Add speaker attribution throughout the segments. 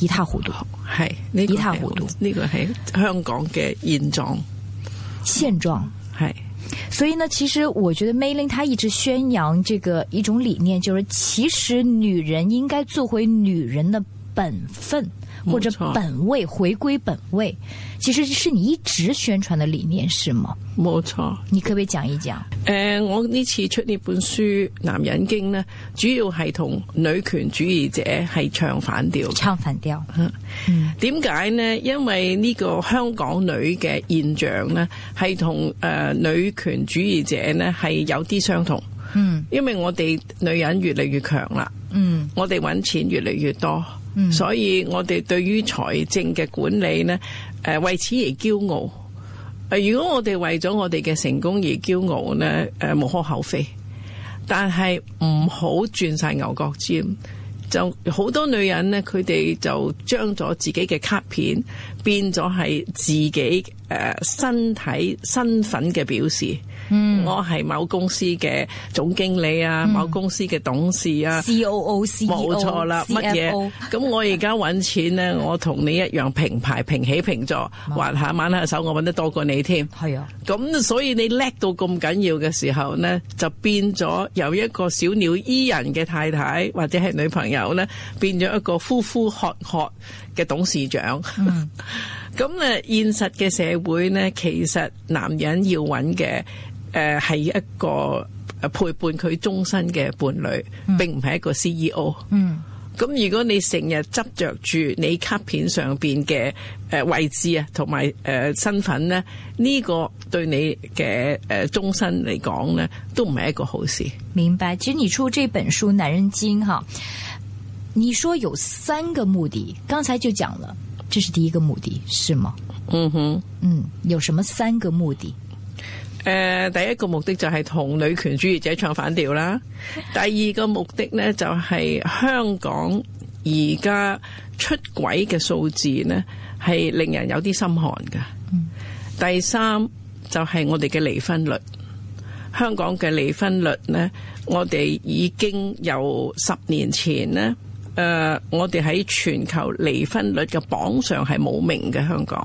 Speaker 1: 一塌糊塗，係呢是個一塌糊塗，呢、這個係
Speaker 2: 香港嘅現狀
Speaker 1: 現狀狀係。是所以呢，其實我覺得梅玲他一直宣揚這個一種理念，就是其實女人應該做回女人的本分。或者本位冇錯，回歸本位，其實是你一直宣傳的理念，是嗎？冇錯。你可唔可以講一講？
Speaker 2: 誒、呃，我呢次出呢本書《男人經》咧，主要係同女權主義者係唱，唱反調。唱反調。嗯。點解呢？因為呢個香港女嘅現象咧，係同誒女權主義者咧係有啲相同。嗯。因為我哋女人越嚟越強啦。嗯。我哋揾錢越嚟越多。所以我哋對於財政嘅管理呢，誒為此而驕傲。誒如果我哋為咗我哋嘅成功而驕傲呢，誒無可厚非。但係唔好轉曬牛角尖。就好多女人呢，佢哋就將咗自己嘅卡片變咗係自己誒身體身份嘅表示。嗯，我係某公司嘅總經理啊，嗯、某公司嘅董事啊 O ,，C O O C O O 冇錯啦，乜嘢？ 咁 我而家搵錢呢，我同你一樣平排平起平坐，玩，嗯、下玩下手我搵得多過你添。係啊，嗯，咁所以你叻到咁緊要嘅時候呢，就變咗由一個小鳥依人嘅太太或者係女朋友呢，變咗一個呼呼喝喝嘅董事長。咁咧，嗯， 現實嘅社會呢，其實男人要搵嘅。誒，係、呃、一個陪伴佢終身嘅伴侶，嗯、並唔係一個 CEO。嗯，咁如果你成日執着住你卡片上邊嘅誒位置啊，同埋誒身份呢，呢、呢個對你嘅誒終身嚟講呢，都唔係一個好事。
Speaker 1: 明白。其實你出這本書《男人經》哈，你說有三個目的，剛才就講了，這是第一個目的，是嗎？嗯哼，嗯，有什麼三個目的？
Speaker 2: 誒、呃，第一個目的就係同女權主義者唱反調啦。第二個目的呢，就係、是、香港而家出軌嘅數字呢，係令人有啲心寒㗎。第三就係我哋嘅離婚率，香港嘅離婚率呢，我哋已經有十年前呢，誒、呃，我哋喺全球離婚率嘅榜上係冇名嘅香港。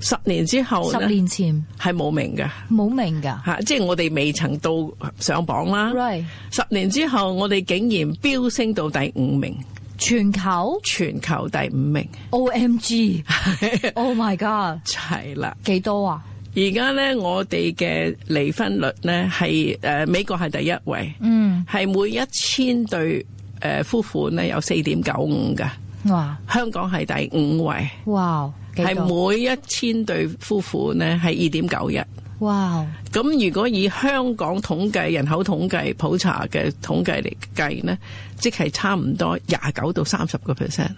Speaker 2: 十年之後，十年前係冇名嘅，冇名噶吓，即係我哋未曾到上榜啦。Right. 十年之後，我哋竟然飆升到第五名，全球全球第五名，OMG，Oh my god！係啦，幾多啊？而家咧，我哋嘅離婚率咧係誒美國係第一位，嗯，係每一千對誒夫婦咧有四點九五嘅哇，香港係第五位，哇！係每一千對夫婦呢，係二點九日。
Speaker 3: 哇！
Speaker 2: 咁如果以香港統計人口統計普查嘅統計嚟計呢，即係差唔多廿九到三十個 percent，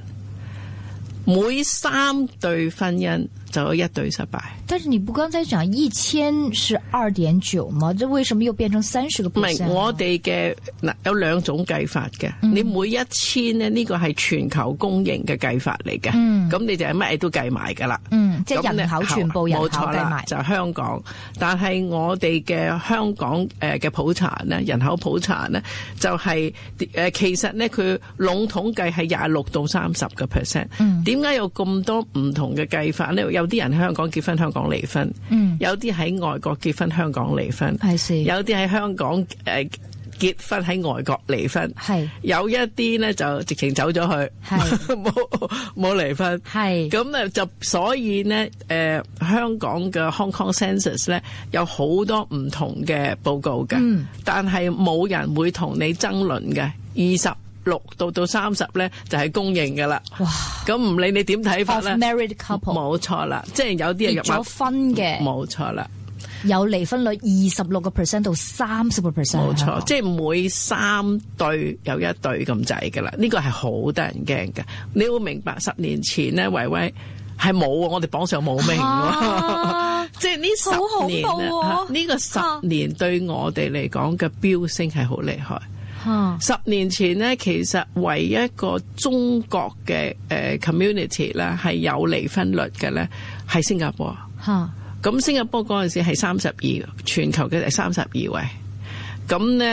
Speaker 2: 每三對婚姻。就有一對失敗。
Speaker 1: 但係你不剛才講一千是二點九嘛？即為什麼又變成三十個 percent？唔係我
Speaker 2: 哋嘅嗱有兩種計法嘅。嗯、你每一千呢，呢個係全球公營嘅計法嚟嘅。嗯。咁你就係乜嘢都計埋噶啦。即係人口全部人口計埋就係、香港。但係我哋嘅香港誒嘅普查咧人口普查呢、就係，就係誒其實呢，佢籠統計係廿六到三十個 percent。嗯。點解有咁多唔同嘅計法呢？有啲人喺香港結婚，香港離婚；嗯、有啲喺外國結婚，香港離婚；的有啲喺香港誒、呃、結婚，喺外國離婚；的有一啲咧就直情走咗去，冇冇的 離婚。係咁啊，就所以咧，誒、呃、香港嘅 Hong Kong Census 咧有好多唔同嘅報告嘅，嗯、但係冇人會同你爭論嘅二十。六到到三十咧就係、是、公認噶啦，咁唔哇理你點睇法咧，冇錯啦，即係有啲入咗婚嘅，冇錯啦，
Speaker 1: 有離婚率二十六個 percent 到三
Speaker 2: 十個 percent，冇錯，即係每三對有一對咁滯噶啦，呢、這個係好得人驚噶，你會明白十年前咧維維係冇，我哋榜上冇名，啊、
Speaker 3: 即係呢十年呢、哦啊好恐怖這
Speaker 2: 個十年對我哋嚟講嘅飆升係好厲害。十年前呢，其實唯一一個中國嘅誒 community 咧係有離婚率嘅咧，係新加坡。咁 新加坡嗰陣時係三十二，全球嘅第三十二位。咁呢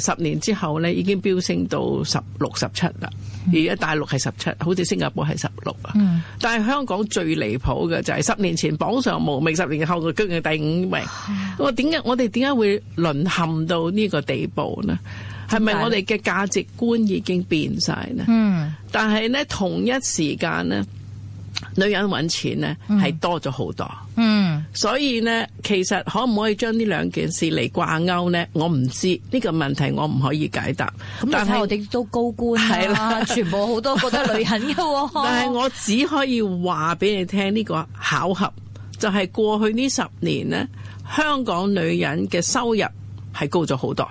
Speaker 2: 誒，十年之後呢，已經飆升到十六十七啦。而家、嗯、大陸係十七，好似新加坡係十六啊。嗯、但係香港最離譜嘅就係十年前榜上無名，十年後就居然第五名。 我點解我哋點解會淪陷到呢個地步呢？係咪我哋嘅價值觀已經變晒呢？嗯，但係呢，同一時間呢，女人揾錢呢係、嗯、多咗好多。嗯，所以呢，其實可唔可以將呢兩件事嚟掛鈎呢？我唔知呢、這個問題我唔可以解答。咁但係是我
Speaker 1: 哋都高官係啦，的全部好多覺得女人嘅、哦。 但係
Speaker 2: 我只可以話俾你聽，呢個巧合就係、是、過去呢十年呢，香港女人嘅收入係高咗好多。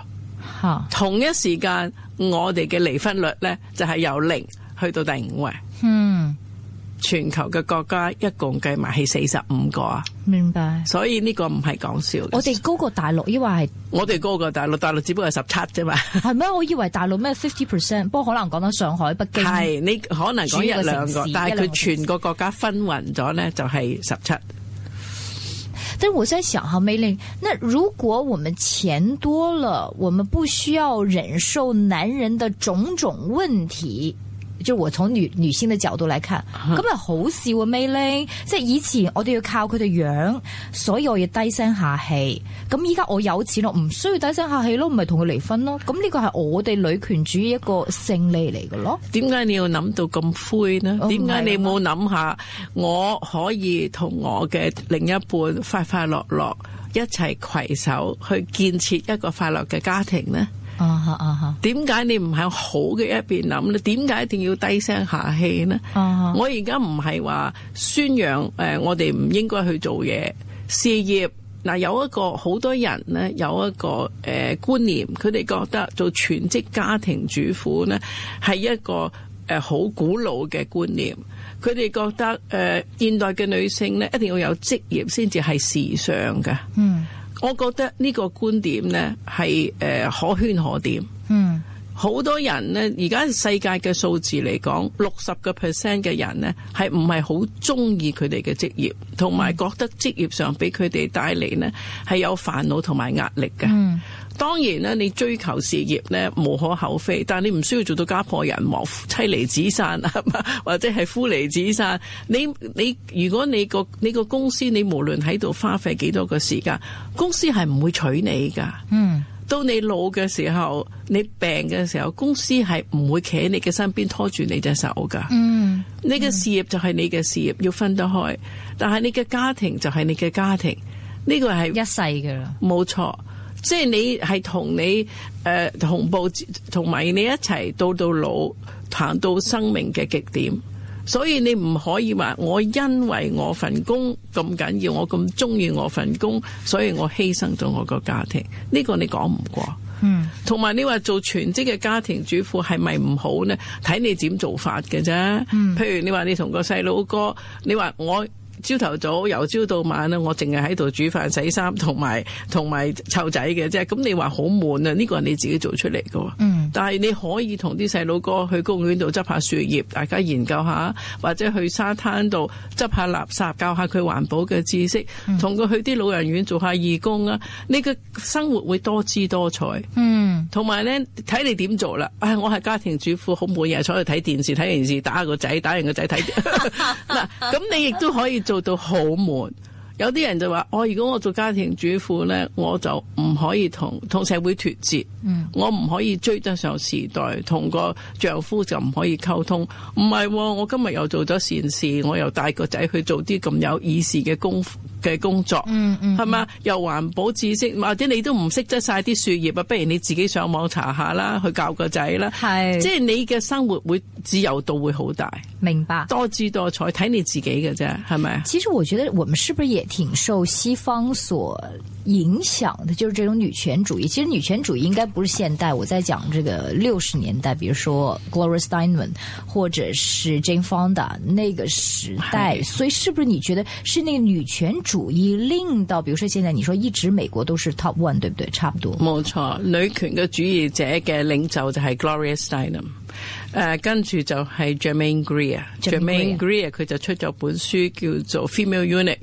Speaker 2: 同一時間，我哋嘅離婚率咧就係由零去到第五位。嗯，全球嘅國家一共計埋係四十五個啊。
Speaker 1: 明白。
Speaker 2: 所以呢個唔係講笑。我哋高過大陸，抑或係。我哋高過大陸，大陸只不過係十七啫嘛。
Speaker 1: 係咩？我以為大陸咩？fifty percent，不過可能講到上海、北京。係，
Speaker 2: 你可能講一兩個，但係佢全個國家分匀咗咧，就係十七。
Speaker 1: 但是我在想哈，梅玲，那如果我們錢多了，我們不需要忍受男人的種種問題。即係我從女女性嘅角度嚟看，咁啊、嗯、好笑啊 Mayling 即係以前我哋要靠佢哋養，所以我要低聲下氣。咁依家我有錢咯，唔需要低聲下氣咯，唔係同佢離婚咯。咁呢個係我哋女權主義一個勝利嚟嘅咯。
Speaker 2: 點解你要諗到咁灰呢？點解、哦、你冇諗下我可以同我嘅另一半快快樂樂一齊携手去建設一個快樂嘅家庭呢？啊，點解你唔喺好嘅一邊諗咧？點解一定要低聲下氣呢？Uh huh. 我而家唔係話宣揚誒，我哋唔應該去做嘢事業。嗱，有一個好多人咧，有一個誒觀念，佢哋覺得做全職家庭主婦咧係一個誒好古老嘅觀念。佢哋覺得誒現代嘅女性咧一定要有職業先至係時尚嘅。嗯。我覺得呢個觀點呢係誒可圈可點，嗯，好多人呢，而家世界嘅數字嚟講，六十個 percent 嘅人呢係唔係好鍾意佢哋嘅職業，同埋覺得職業上俾佢哋帶嚟呢係有煩惱同埋壓力嘅。嗯當然啦，你追求事業咧無可厚非，但你唔需要做到家破人亡，妻離子散啊，或者係夫離子散。你你如果你個你個公司，你無論喺度花費幾多個時間，公司係唔會娶你噶。嗯，到你老嘅時候，你病嘅時候，公司係唔會企喺你嘅身邊拖住你隻手噶。嗯。嗯，你嘅事業就係你嘅事業，要分得開。但係你嘅家庭就係你嘅家庭，呢個係一世噶啦。冇錯。即係你係同你誒、呃、同步，同埋你一齊到到老，行到生命嘅極點。所以你唔可以話我因為我份工咁緊要，我咁中意我份工，所以我犧牲咗我個家庭。呢個你講唔過。嗯。同埋你話做全職嘅家庭主婦係咪唔好呢？睇你點做法嘅啫。嗯、譬如你話你同個細佬哥，你話我。朝頭早由朝到晚咧，我淨係喺度煮飯、洗衫、同埋同埋湊仔嘅，即係咁，你話好悶啊？呢、這個係你自己做出嚟嘅，嗯。但係你可以同啲細佬哥去公園度執下樹葉，大家研究下，或者去沙灘度執下垃圾，教下佢環保嘅知識，同佢、嗯、去啲老人院做下義工啊。你嘅生活會多姿多彩，嗯。同埋咧，睇你點做啦。唉、哎，我係家庭主婦，好悶，日坐喺度睇電視，睇電視打下個仔，打完個仔睇。嗱， 咁你亦都可以做做到好悶，有啲人就話：我、哦、如果我做家庭主婦呢，我就唔可以同同社會脫節，嗯、我唔可以追得上時代，同個丈夫就唔可以溝通。唔係、哦，我今日又做咗善事，我又帶個仔去做啲咁有意思嘅功夫。嘅工作，係嘛、嗯嗯？又環保知識，或者你都唔識得晒啲樹葉啊！不如你自己上網查下啦，去教個仔啦。係是，即係你嘅生活會自由度會好大。明白，多姿多彩，睇你自己嘅啫，係咪？其實我覺得我們是
Speaker 1: 不是也挺受西方所影響的，就是這種女權主義。其實女權主義應該不是現代，我在講這個六十年代，比如說 Gloria Steinman 或者是 Jane Fonda 那個時代，是所以是不是你覺得是那個女權主？主義令到，比如說現在，你說一直美國都是 top one，對不對？差不多。
Speaker 2: 冇錯，女權嘅主義者嘅領袖就係 Gloria Steinem，誒、呃，跟住就係 Germaine Greer，Germaine Greer 佢就出咗本書叫做《Female Eunuch》，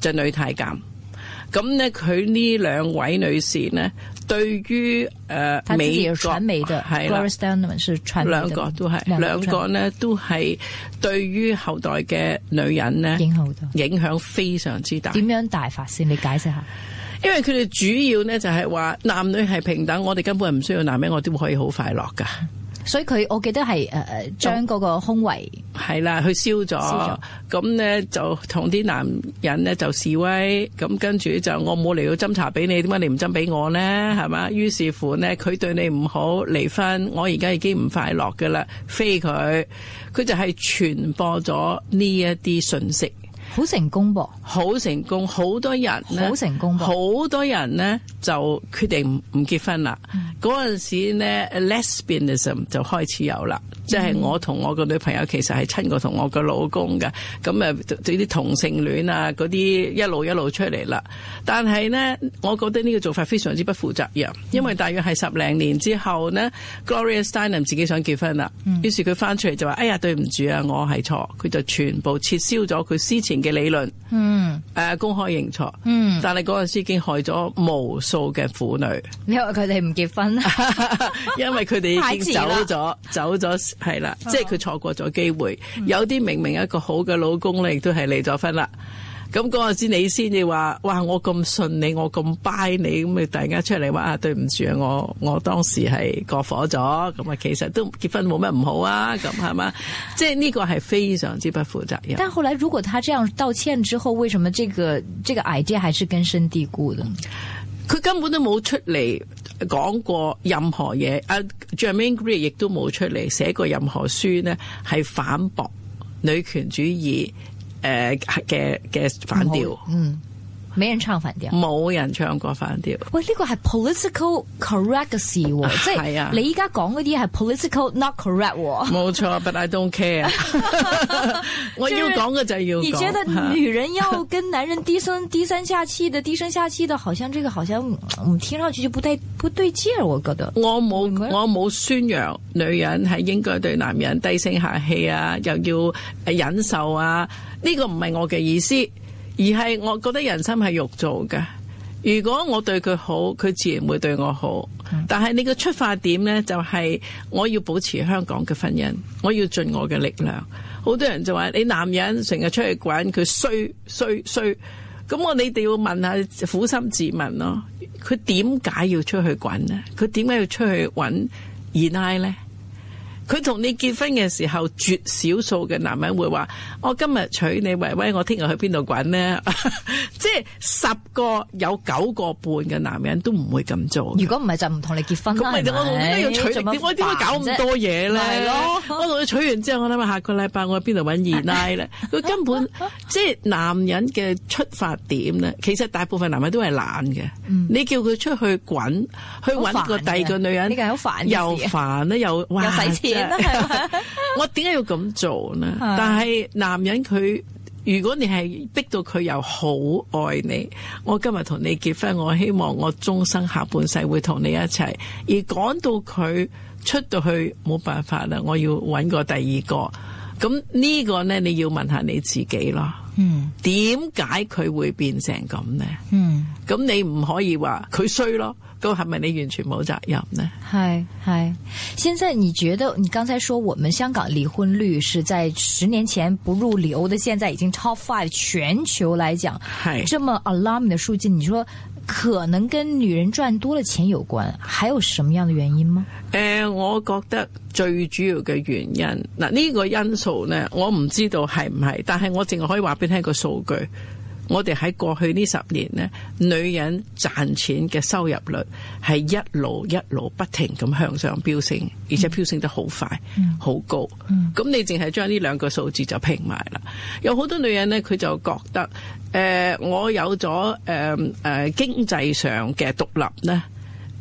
Speaker 2: 就女太監。咁呢，佢呢兩位女士呢。對於誒美、呃、傳媒
Speaker 1: 係的兩個都係，兩個咧
Speaker 2: 都係對於後代嘅女人咧影響影響非常之大。點樣大法先？你解釋下。因為佢哋主要咧就係話男女係平等，我哋根本係唔需要男人，我都可以好快樂㗎。嗯所以佢，我
Speaker 1: 記得係誒誒，將、呃、嗰個胸圍
Speaker 2: 係啦，佢燒咗，咁咧燒咗就同啲男人咧就示威，咁跟住就我冇嚟到斟茶俾你，點解你唔斟俾我咧？係嘛？於是乎咧，佢對你唔好，離婚，我而家已經唔快樂噶啦，飛佢，佢就係傳播咗呢一啲信息。好成功噃！好成功，好多人好成功噃！好多人咧就決定唔結婚啦。嗰陣、嗯、時咧、嗯，lesbianism 就開始有啦。即係我同我個女朋友其實係親過同我個老公嘅，咁誒對啲同性戀啊嗰啲一路一路出嚟啦。但係咧，我覺得呢個做法非常之不負責任，因為大約係十零年之後咧，Gloria Steinem 自己想結婚啦。嗯、於是佢翻出嚟就話：哎呀，對唔住啊，我係錯，佢就全部撤銷咗佢之前嘅理論嗯誒公開認錯，嗯，呃、嗯但係陣時已經害咗無數嘅婦女。
Speaker 1: 你話佢哋唔結婚，
Speaker 2: 因為佢哋已經走咗，走咗。係啦，即係佢錯過咗機會，有啲明明一個好嘅老公咧，亦都係離咗婚啦。咁嗰陣時你先至話，哇！我咁信你，我咁拜你，咁啊突然間出嚟，話，對唔住啊，我我當時係過火咗。咁啊，其實都結婚冇乜唔好啊，咁係嘛？ 即係呢個係非常之不負責嘅。但
Speaker 1: 後來，如果他這樣道歉之後，為什麼這個這個 idea 還是根深蒂固嘅？
Speaker 2: 佢根本都冇出嚟。講過任何嘢，阿、啊、Germaine Greer 亦都冇出嚟寫過任何書咧，係反駁女權主義誒嘅嘅反調。
Speaker 1: 沒人唱反調，
Speaker 2: 冇人唱過反調。喂，呢個係 political correct 嘅事，即係你
Speaker 1: 依家講嗰啲係 political not correct。冇
Speaker 2: 錯，but I don't care。我要講嘅就要。你覺得女人要
Speaker 1: 跟男人低聲低聲下氣的，低聲下氣的，好像這個好像，聽上去就不太不對
Speaker 2: 勁。我覺得我冇我冇宣揚女人係應該對男人低聲下氣啊，又要忍受啊，呢個唔係我嘅意思。而係，我覺得人心係肉做嘅。如果我對佢好，佢自然會對我好。但係你嘅出發點呢，就係我要保持香港嘅婚姻，我要盡我嘅力量。好多人就話你男人成日出去滾，佢衰衰衰。咁我你哋要問下苦心自問咯，佢點解要出去滾呢？佢點解要出去揾二奶呢？佢同你結婚嘅時候，絕少數嘅男人會話：我今日娶你，威威，我聽日去邊度滾咧？ 即係十個有九個半嘅男人都，都唔會咁做。如果唔係就唔同你結婚咁咪就我點解要娶？要我點解搞咁多嘢咧？係咯，我同佢娶完之後，我諗下下個禮拜我去邊度揾二奶咧？佢 根本 即係男人嘅出發點咧。其實大部分男人都係懶嘅。嗯、你叫佢出去滾，去揾個第二個女人，你係好煩，煩、啊、又煩咧，又～ 我點解要咁做呢？是的 但係男人佢，如果你係逼到佢又好愛你，我今日同你結婚，我希望我終生下半世會同你一齊。而講到佢出到去冇辦法啦，我要揾個第二個。咁呢個呢，你要問下你自己咯。嗯，點解佢會變成咁呢？嗯，咁你唔可以話佢衰咯。都係咪你完全冇責任咧？
Speaker 1: 係係，現在你覺得你剛才說我們香港離婚率是在十年前不入流的，現在已經 top five 全球來講，係是這麼 alarming 的數據，你說可能跟女人賺多了錢有關，還有什麼樣的原因嗎？
Speaker 2: 誒、呃，我覺得最主要的原因嗱呢、呢個因素咧，我唔知道係唔係，但係我淨係可以話俾你聽個數據。我哋喺過去呢十年呢，女人賺錢嘅收入率係一路一路不停咁向上飆升，而且飆升得好快、好、嗯、高。咁、嗯、你淨係將呢兩個數字就拼埋啦。有好多女人呢，佢就覺得，誒、呃，我有咗誒誒經濟上嘅獨立呢，誒、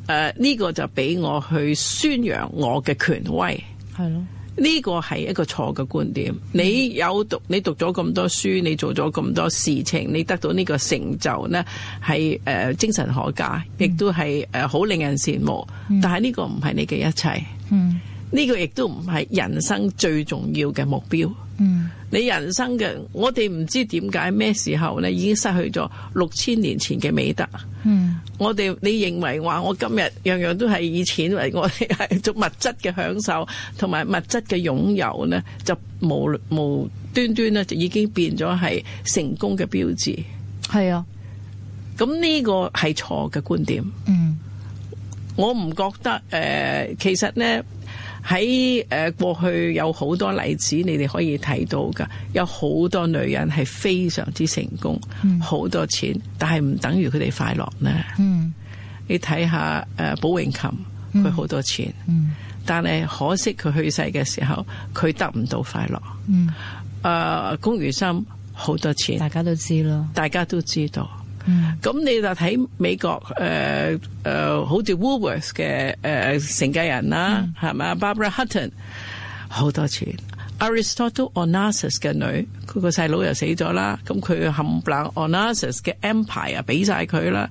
Speaker 2: 呃、呢、呢個就俾我去宣揚我嘅權威，係咯。呢個係一個錯嘅觀點。你有讀，你讀咗咁多書，你做咗咁多事情，你得到呢個成就呢，係誒、呃、精神可嘉，亦都係誒好令人羨慕。但係呢個唔係你嘅一切，嗯、呢個亦都唔係人生最重要嘅目標。嗯，你人生嘅，我哋唔知點解咩時候咧，已經失去咗六千年前嘅美德。嗯，我哋你認為話我今日樣樣都係以錢為我哋係做物質嘅享受，同埋物質嘅擁有咧，就無無端端咧就已經變咗係成功嘅標誌。係啊，咁呢個係錯嘅觀點。嗯，我唔覺得誒、呃，其實咧。喺誒、呃、過去有好多例子，你哋可以睇到噶，有好多女人係非常之成功，好、嗯、多錢，但係唔等於佢哋快樂咧。嗯、你睇下誒寶詠琴佢好多錢嗯，但係可惜佢去世嘅時候，佢得唔到快樂嗯，誒、呃、龔如心好多錢大家，大家都知道，大家都知道。咁、嗯、你就睇美國誒、呃呃、好似 Woolworth 嘅誒、呃、承繼人啦，係咪、嗯、Barbara Hutton 好多錢，Aristotle Onassis 嘅女，佢個細佬又死咗啦，咁佢冚唪唥 Onassis 嘅 empire 啊，俾曬佢啦，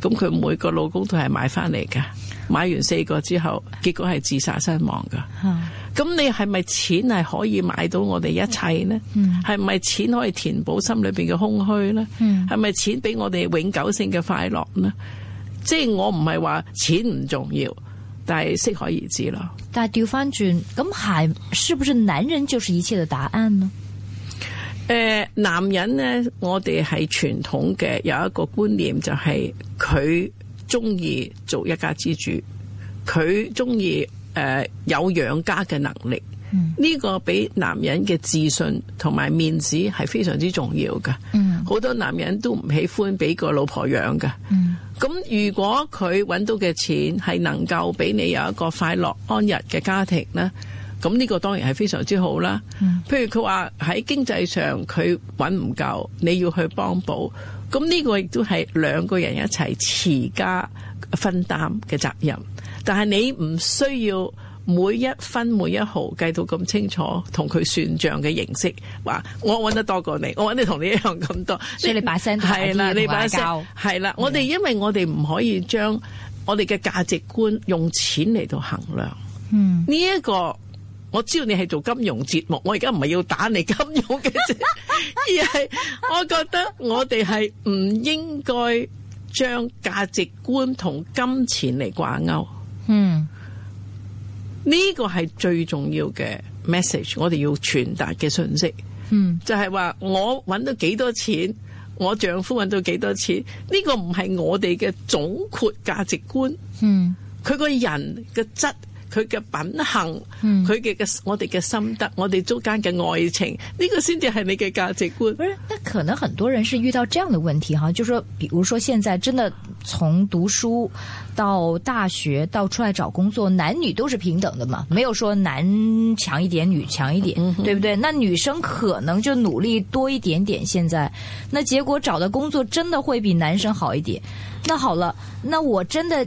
Speaker 2: 咁佢每個老公都係買翻嚟㗎。買完四個之後，結果係自殺身亡㗎。嗯咁你係咪錢係可以買到我哋一切呢？係咪、嗯、錢可以填補心裏邊嘅空虛呢？係咪、嗯、錢俾我哋永久性嘅快樂呢？即、就、係、是、我唔係話錢唔重要，但係適可而止咯。但係調翻轉，咁係是不是男人就是一切的答案呢？誒、呃，男人呢，我哋係傳統嘅有一個觀念，就係佢中意做一家之主，佢中意。誒、呃、有養家嘅能力，呢、嗯、個俾男人嘅自信同埋面子係非常之重要嘅。好、嗯、多男人都唔喜歡俾個老婆養嘅。咁、嗯、如果佢揾到嘅錢係能夠俾你有一個快樂安逸嘅家庭呢，咁呢個當然係非常之好啦。嗯、譬如佢話喺經濟上佢揾唔夠，你要去幫補，咁呢個亦都係兩個人一齊持家分擔嘅責任。但係你唔需要每一分每一毫計到咁清楚，同佢算賬嘅形式話我揾得多過你，我揾你同你一樣咁多，所以你把聲係啦，你把聲係啦。我哋因為我哋唔可以將我哋嘅價值觀用錢嚟到衡量。嗯的，呢一個我知道你係做金融節目，我而家唔係要打你金融嘅節目， 而係我覺得我哋係唔應該將價值觀同金錢嚟掛鈎。嗯，呢個係最重要嘅 message，我哋要傳達嘅信息。嗯，就係話我揾到幾多錢，我丈夫揾到幾多錢，呢個唔係我哋嘅總括價值觀。嗯，佢個人嘅質。佢嘅品行，佢嘅嘅我哋嘅心得，我哋中間嘅愛情，呢、這個先至係你嘅價值觀。不是，那
Speaker 1: 可能很多人是遇到這樣的問題哈，就是，說，比如說現在真的從讀書到大學到出來找工作，男女都是平等的嘛，沒有說男強一點女強一點，一點嗯、哼對不對？那女生可能就努力多一點點，現在，那結果找的工作真的會比男生好一點。那好了，那我真的。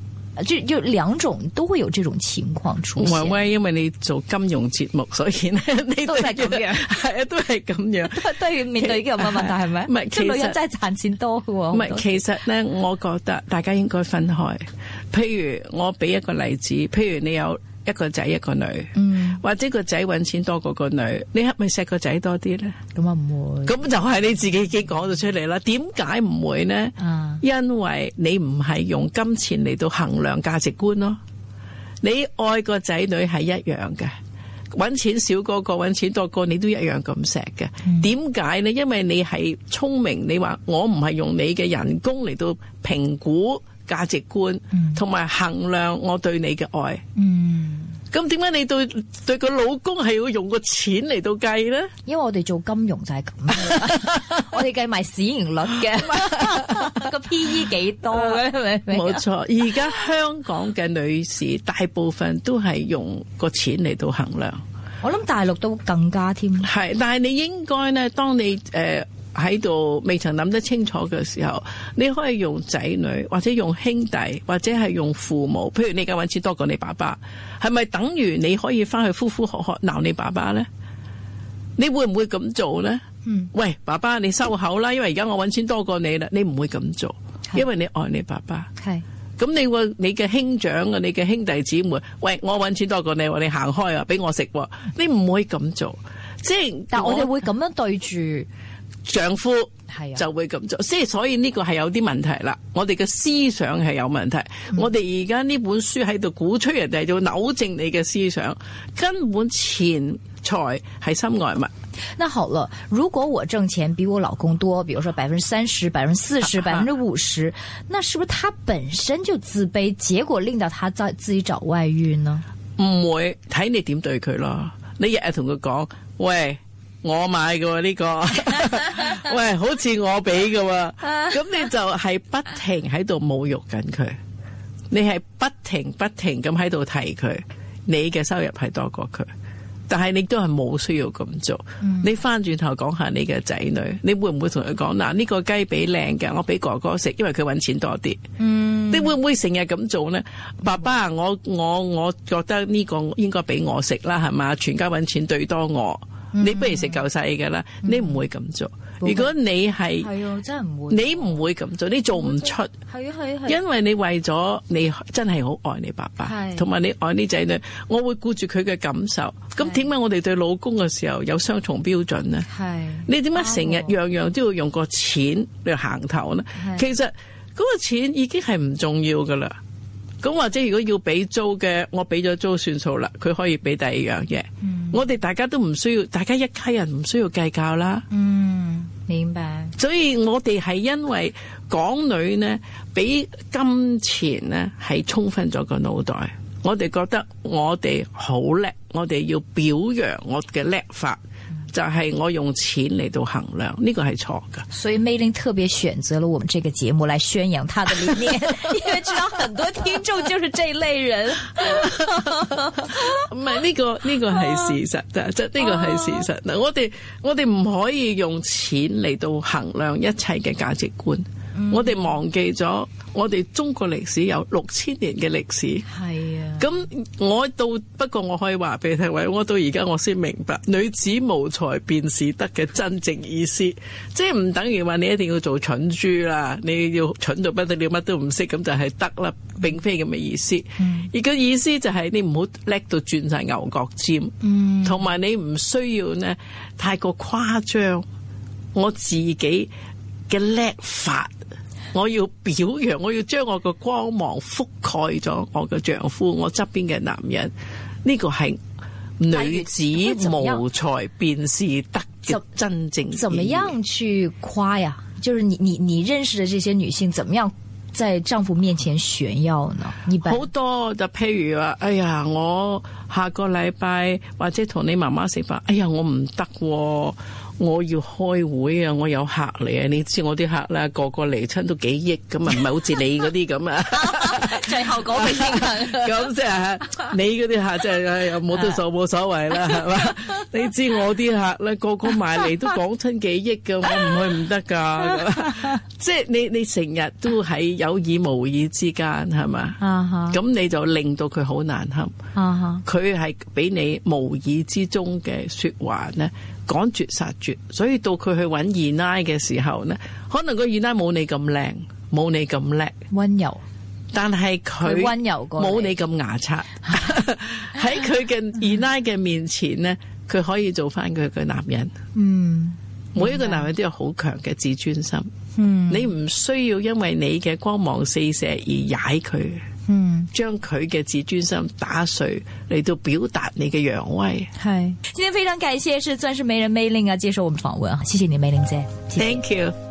Speaker 1: 就就兩種都會有這種情況出現。唔
Speaker 2: 係，因為你做金融節目，所以咧你都係咁樣，係啊， 都係咁樣，都要 面對呢啲咁嘅問題，係咪實？唔係，啲女人真係賺錢多㗎。唔係，其實咧，我覺得大家應該分開。譬如我俾一個例子，譬如你有。一個仔一個女，嗯、或者個仔揾錢多過個女，你係咪錫個仔多啲呢？咁啊唔會，咁就係你自己已經講咗出嚟啦。點解唔會呢？因為你唔係用金錢嚟到衡量價值觀咯。你愛個仔女係一樣嘅，揾錢少過個，揾錢多過你都一樣咁錫嘅。點解呢？因為你係聰明，你話我唔係用你嘅人工嚟到評估。價值觀，同埋、嗯、衡量我對你嘅愛。嗯，咁點解你對對個老公係要用個錢嚟到計咧？因為我哋做金融就
Speaker 1: 係咁， 我哋計埋市盈率嘅個 P E 幾多？
Speaker 2: 冇錯，而家 香港嘅女士大部分都係用個錢嚟到衡量。我諗大陸都更加添。係，但係你應該咧，當你誒。呃喺度未曾諗得清楚嘅時候，你可以用仔女，或者用兄弟，或者係用父母。譬如你而家搵錢多過你爸爸，係咪等於你可以翻去呼呼喝喝鬧你爸爸咧？你會唔會咁做咧？嗯、喂，爸爸你收口啦，因為而家我搵錢多過你啦，你唔會咁做，因為你愛你爸爸。係咁你會你嘅兄長啊，嗯、你嘅兄弟姊妹，喂，我搵錢多過你，你我哋行開啊，俾我食喎，你唔會咁做。即係，但我哋會咁樣對住。丈夫就會咁做，即係、啊、所以呢個係有啲問題啦。我哋嘅思想係有問題，嗯、我哋而家呢本書喺度鼓吹人哋要，扭正你嘅思想，根本錢財係身外物。那好了，如果
Speaker 1: 我掙錢比我老公多，比如說百分之三十、百分之四十、百分之五十，那是不是他本身就自卑，結果令到他再自己找外遇呢？唔
Speaker 2: 會，睇你點對佢咯。你日日同佢講，喂，我買噶呢個 喂，好似我俾喎、啊。咁 你就係不停喺度侮辱緊佢。你係不停不停咁喺度提佢，你嘅收入係多過佢，但係你都係冇需要咁做。嗯、你翻轉頭講下你嘅仔女，你會唔會同佢講嗱？呢個雞髀靚嘅，我俾哥哥食，因為佢揾錢多啲。嗯、
Speaker 3: 你會
Speaker 2: 唔會成日咁做呢？嗯、爸爸，我我我覺得呢個應該俾我食啦，係嘛？全家揾錢對多我。你不如食夠世噶啦，你唔會咁做。嗯、如果你係，
Speaker 1: 真係唔會，你
Speaker 2: 唔會咁做，你做唔出。係啊係啊，因為你為咗你真係好愛你爸爸，同埋的你愛啲仔女，我會顧住佢嘅感受。咁點解我哋對老公嘅時候有雙重標準呢？係的你點解成日樣樣都要用個錢嚟行頭呢？的其實嗰個錢已經係唔重要噶啦。咁或者如果要俾租嘅，我俾咗租算數啦，佢可以俾第二樣嘢。嗯、我哋大家都唔需要，大家一家人唔需要計較啦。嗯，
Speaker 1: 明白。
Speaker 2: 所以我哋係因為港女呢，俾金錢呢係衝昏咗個腦袋，我哋覺得我哋好叻，我哋要表揚我嘅叻法。就係我用錢嚟到衡量，呢、這個係錯噶。
Speaker 1: 所以梅玲特別選擇了我們這個節目來宣揚她的理念， 因為知道很多聽眾就是這類人。
Speaker 2: 唔係呢個呢、這個係事實，真真呢個係事實。嗱，我哋我哋唔可以用錢嚟到衡量一切嘅價值觀。嗯、我哋忘記咗，我哋中國歷史有六千年嘅歷史。係啊。咁我到，不過我可以話俾你聽，我到而家我先明白女子無才便是德嘅真正意思，即係唔等於話你一定要做蠢豬啦，你要蠢到不得了，什麼都不那就是了乜都唔識咁就係得啦，並非咁嘅意思。嗯、而個意思就係你唔好叻到轉晒牛角尖。同埋、嗯、你唔需要呢太過誇張，我自己。嘅叻法，我要表揚，我要將我個光芒覆蓋咗我嘅丈夫，我側邊嘅男人，呢、這個係女子無才便是德。嘅真正怎怎。怎麼
Speaker 1: 樣去誇呀？就是你你你認識的這些女性，怎麼樣在丈夫面前炫耀呢？好
Speaker 2: 多就譬如話，哎呀，我下個禮拜或者同你媽媽食飯，哎呀，我唔得、啊。我要開會啊！我有客嚟啊！你知我啲客啦，個個嚟親都幾億咁啊，唔係好似你嗰啲咁啊，
Speaker 1: 最後嗰邊啊，咁即
Speaker 2: 係你嗰啲客即係冇得數冇所謂啦，係嘛？ 你知我啲客咧，個個買嚟都講親幾億嘅，我唔去唔得㗎，即係你你成日都喺有意無意之間，係嘛？咁、uh huh. 你就令到佢好難堪，佢係俾你無意之中嘅説話咧。趕絕殺絕，所以到佢去揾二奶嘅時候呢，可能個二奶冇你咁靚，冇你咁叻，溫柔，但係佢溫柔過，冇你咁牙刷。喺佢嘅二奶嘅面前呢，佢可以做翻佢嘅男人。嗯，每一個男人都有好強嘅自尊心。嗯，你唔需要因為你嘅光芒四射而踩佢。嗯，將佢嘅自尊心打碎嚟到表達你嘅揚威。係是，
Speaker 1: 今天非常感謝，是鑽石媒人 Mayling 啊，接受我們訪問。謝謝你，Mayling 姐。謝
Speaker 2: 謝 Thank you。